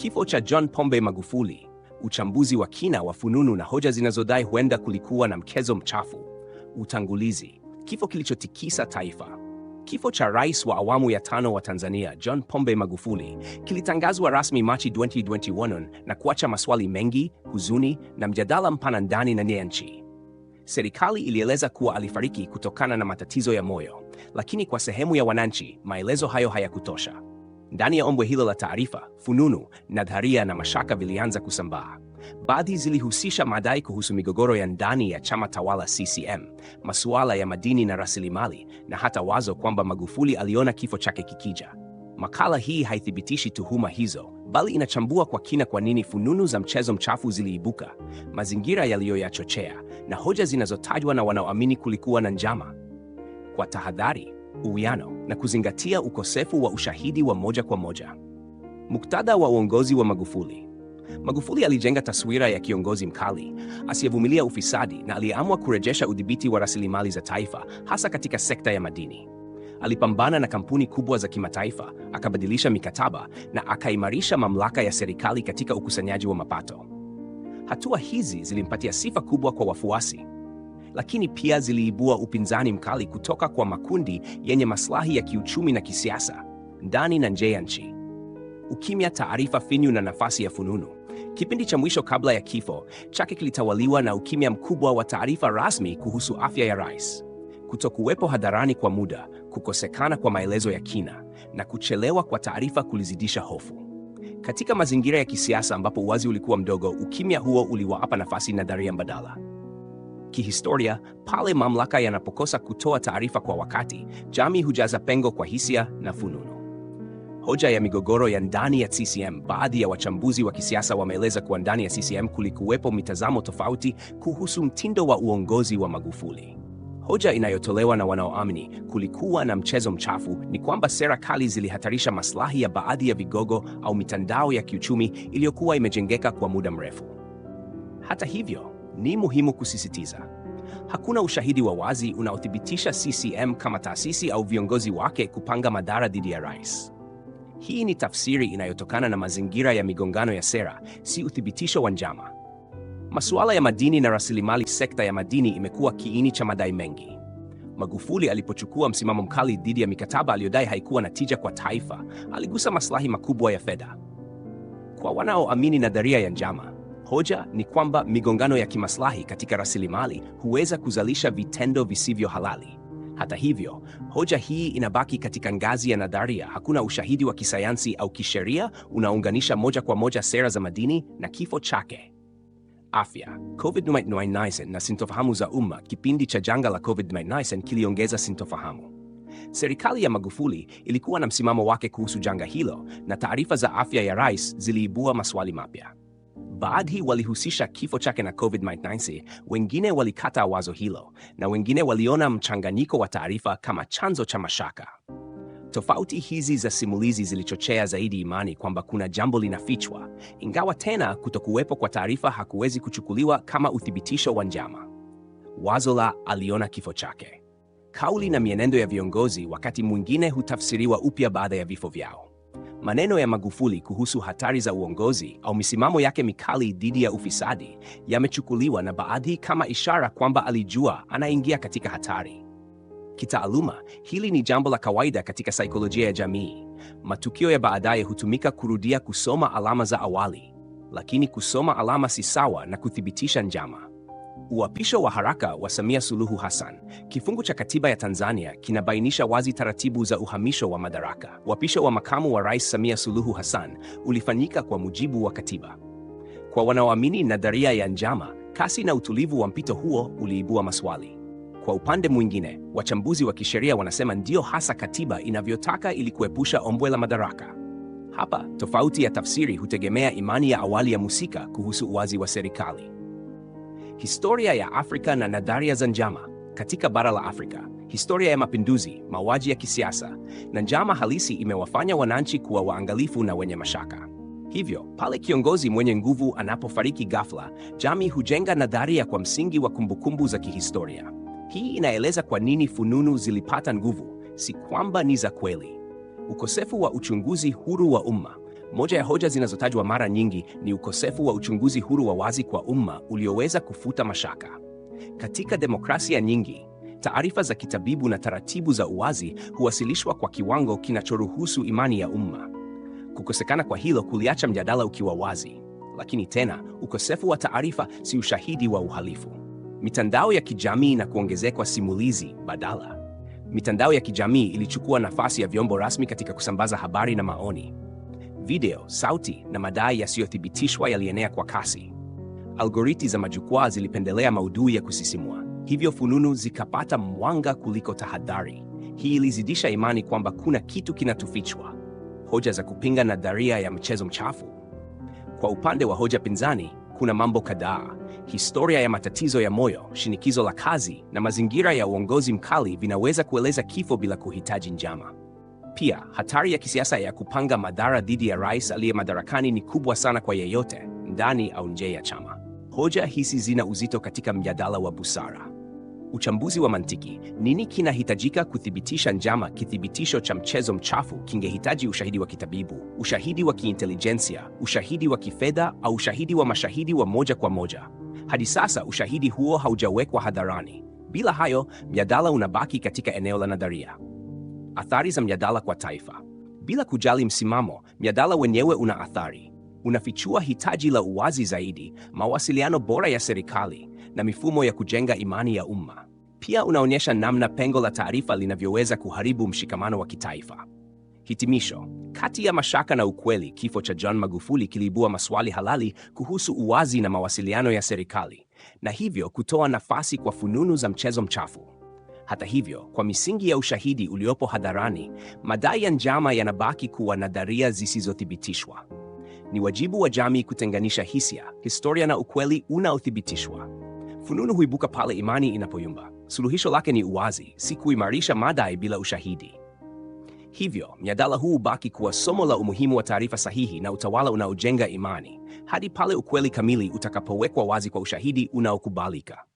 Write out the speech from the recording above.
Kifo cha John Pombe Magufuli. Uchambuzi wa kina wa fununu na hoja zinazodai huenda kulikuwa na mkezo mchafu. Utangulizi. Kifo kilichotikisa taifa. Kifo cha rais wa awamu ya tano wa Tanzania John Pombe Magufuli kilitangazwa rasmi Machi 2021 na kuacha maswali mengi, huzuni na mjadala mpana ndani na nje ya nchi. Serikali ilieleza kuwa alifariki kutokana na matatizo ya moyo, lakini kwa sehemu ya wananchi maelezo hayo hayakutosha. Ndani ya ombwe hilo la taarifa, fununu, nadharia na mashaka vilianza kusambaa. Baadhi zilihusisha madai kuhusu migogoro ya ndani ya chama tawala CCM, masuala ya madini na rasilimali, na hata wazo kwamba Magufuli aliona kifo chake kikija. Makala hii haithibitishi tuhuma hizo, bali inachambua kwa kina kwa nini fununu za mchezo mchafu ziliibuka, mazingira yaliyoyachochea, na hoja zinazotajwa na wanaoamini kulikuwa na njama. Kwa tahadhari uwiano na kuzingatia ukosefu wa ushahidi wa moja kwa moja. Muktadha wa uongozi wa Magufuli. Magufuli alijenga taswira ya kiongozi mkali asiyevumilia ufisadi na aliamua kurejesha udhibiti wa rasilimali za taifa, hasa katika sekta ya madini. Alipambana na kampuni kubwa za kimataifa, akabadilisha mikataba na akaimarisha mamlaka ya serikali katika ukusanyaji wa mapato. Hatua hizi zilimpatia sifa kubwa kwa wafuasi lakini pia ziliibua upinzani mkali kutoka kwa makundi yenye maslahi ya kiuchumi na kisiasa ndani na nje ya nchi. Ukimya, taarifa finyu na nafasi ya fununu. Kipindi cha mwisho kabla ya kifo chake kilitawaliwa na ukimya mkubwa wa taarifa rasmi kuhusu afya ya rais, kutokuwepo hadharani kwa muda, kukosekana kwa maelezo ya kina na kuchelewa kwa taarifa kulizidisha hofu. Katika mazingira ya kisiasa ambapo uwazi ulikuwa mdogo, ukimya huo uliwaapa nafasi nadharia mbadala. Kihistoria, pale mamlaka yanapokosa kutoa taarifa kwa wakati, jamii hujaza pengo kwa hisia na fununu. Hoja ya migogoro ya ndani ya CCM. Baadhi ya wachambuzi wa kisiasa wameeleza kuwa ndani ya CCM kulikuwepo mitazamo tofauti kuhusu mtindo wa uongozi wa Magufuli. Hoja inayotolewa na wanaoamini kulikuwa na mchezo mchafu ni kwamba sera kali zilihatarisha maslahi ya baadhi ya vigogo au mitandao ya kiuchumi iliyokuwa imejengeka kwa muda mrefu. Hata hivyo ni muhimu kusisitiza, hakuna ushahidi wa wazi unaothibitisha CCM kama taasisi au viongozi wake kupanga madhara dhidi ya rais. Hii ni tafsiri inayotokana na mazingira ya migongano ya sera, si uthibitisho wa njama. Masuala ya madini na rasilimali. Sekta ya madini imekuwa kiini cha madai mengi. Magufuli alipochukua msimamo mkali dhidi ya mikataba aliyodai haikuwa na tija kwa taifa, aligusa maslahi makubwa ya fedha. Kwa wanaoamini nadharia ya njama Hoja ni kwamba migongano ya kimaslahi katika rasilimali huweza kuzalisha vitendo visivyo halali. Hata hivyo, hoja hii inabaki katika ngazi ya nadharia. Hakuna ushahidi wa kisayansi au kisheria unaounganisha moja kwa moja sera za madini na kifo chake. Afya. COVID-19 na sintofahamu za umma. Kipindi cha janga la COVID-19 kiliongeza sintofahamu. Serikali ya Magufuli ilikuwa na msimamo wake kuhusu janga hilo na taarifa za afya ya rais ziliibua maswali mapya. Baadhi walihusisha kifo chake na COVID-19, wengine walikata wazo hilo, na wengine waliona mchanganyiko wa taarifa kama chanzo cha mashaka. Tofauti hizi za simulizi zilichochea zaidi imani kwamba kuna jambo linafichwa, ingawa tena kutokuwepo kwa taarifa hakuwezi kuchukuliwa kama uthibitisho wa njama. Wazo la aliona kifo chake. Kauli na mienendo ya viongozi wakati mwingine hutafsiriwa upya baada ya vifo vyao. Maneno ya Magufuli kuhusu hatari za uongozi au misimamo yake mikali dhidi ya ufisadi yamechukuliwa na baadhi kama ishara kwamba alijua anaingia katika hatari. Kitaaluma, hili ni jambo la kawaida katika saikolojia ya jamii. Matukio ya baadaye hutumika kurudia kusoma alama za awali, lakini kusoma alama si sawa na kuthibitisha njama. Uapisho wa haraka wa Samia Suluhu Hassan. Kifungu cha katiba ya Tanzania kinabainisha wazi taratibu za uhamisho wa madaraka. Uapisho wa makamu wa rais Samia Suluhu Hassan ulifanyika kwa mujibu wa katiba. Kwa wanaoamini nadharia ya njama, kasi na utulivu wa mpito huo uliibua maswali. Kwa upande mwingine, wachambuzi wa kisheria wanasema ndiyo hasa katiba inavyotaka ili kuepusha ombwe la madaraka. Hapa tofauti ya tafsiri hutegemea imani ya awali ya musika kuhusu uwazi wa serikali. Historia ya Afrika na nadharia za njama katika bara la Afrika. Historia ya mapinduzi, mauaji ya kisiasa na njama halisi imewafanya wananchi kuwa waangalifu na wenye mashaka. Hivyo, pale kiongozi mwenye nguvu anapofariki ghafla, jamii hujenga nadharia kwa msingi wa kumbukumbu za kihistoria. Hii inaeleza kwa nini fununu zilipata nguvu, si kwamba ni za kweli. Ukosefu wa uchunguzi huru wa umma moja ya hoja zinazotajwa mara nyingi ni ukosefu wa uchunguzi huru wa wazi kwa umma ulioweza kufuta mashaka. Katika demokrasia nyingi, taarifa za kitabibu na taratibu za uwazi huwasilishwa kwa kiwango kinachoruhusu imani ya umma. Kukosekana kwa hilo kuliacha mjadala ukiwa wazi. Lakini tena, ukosefu wa taarifa si ushahidi wa uhalifu. Mitandao ya kijamii na kuongezekwa simulizi badala. Mitandao ya kijamii ilichukua nafasi ya vyombo rasmi katika kusambaza habari na maoni video, sauti na madai yasiyothibitishwa yalienea kwa kasi. Algoriti za majukwaa zilipendelea maudhui ya kusisimua, hivyo fununu zikapata mwanga kuliko tahadhari. Hii ilizidisha imani kwamba kuna kitu kinatufichwa. Hoja za kupinga nadharia ya mchezo mchafu. Kwa upande wa hoja pinzani, kuna mambo kadhaa. Historia ya matatizo ya moyo, shinikizo la kazi na mazingira ya uongozi mkali vinaweza kueleza kifo bila kuhitaji njama. Pia hatari ya kisiasa ya kupanga madhara dhidi ya rais aliye madarakani ni kubwa sana kwa yeyote, ndani au nje ya chama. Hoja hizi zina uzito katika mjadala wa busara. Uchambuzi wa mantiki: nini kinahitajika kuthibitisha njama? Kithibitisho cha mchezo mchafu kingehitaji ushahidi wa kitabibu, ushahidi wa kiintelijensia, ushahidi wa kifedha, au ushahidi wa mashahidi wa moja kwa moja. Hadi sasa ushahidi huo haujawekwa hadharani. Bila hayo, mjadala unabaki katika eneo la nadharia. Athari za mjadala kwa taifa. Bila kujali msimamo, mjadala wenyewe una athari. Unafichua hitaji la uwazi zaidi, mawasiliano bora ya serikali na mifumo ya kujenga imani ya umma. Pia unaonyesha namna pengo la taarifa linavyoweza kuharibu mshikamano wa kitaifa. Hitimisho. Kati ya mashaka na ukweli, kifo cha John Magufuli kiliibua maswali halali kuhusu uwazi na mawasiliano ya serikali, na hivyo kutoa nafasi kwa fununu za mchezo mchafu. Hata hivyo, kwa misingi ya ushahidi uliopo hadharani, madai ya njama yanabaki kuwa nadharia zisizothibitishwa. Ni wajibu wa jamii kutenganisha hisia, historia na ukweli unaothibitishwa. Fununu huibuka pale imani inapoyumba. Suluhisho lake ni uwazi, si kuimarisha madai bila ushahidi. Hivyo, mjadala huu baki kuwa somo la umuhimu wa taarifa sahihi na utawala unaojenga imani, hadi pale ukweli kamili utakapowekwa wazi kwa ushahidi unaokubalika.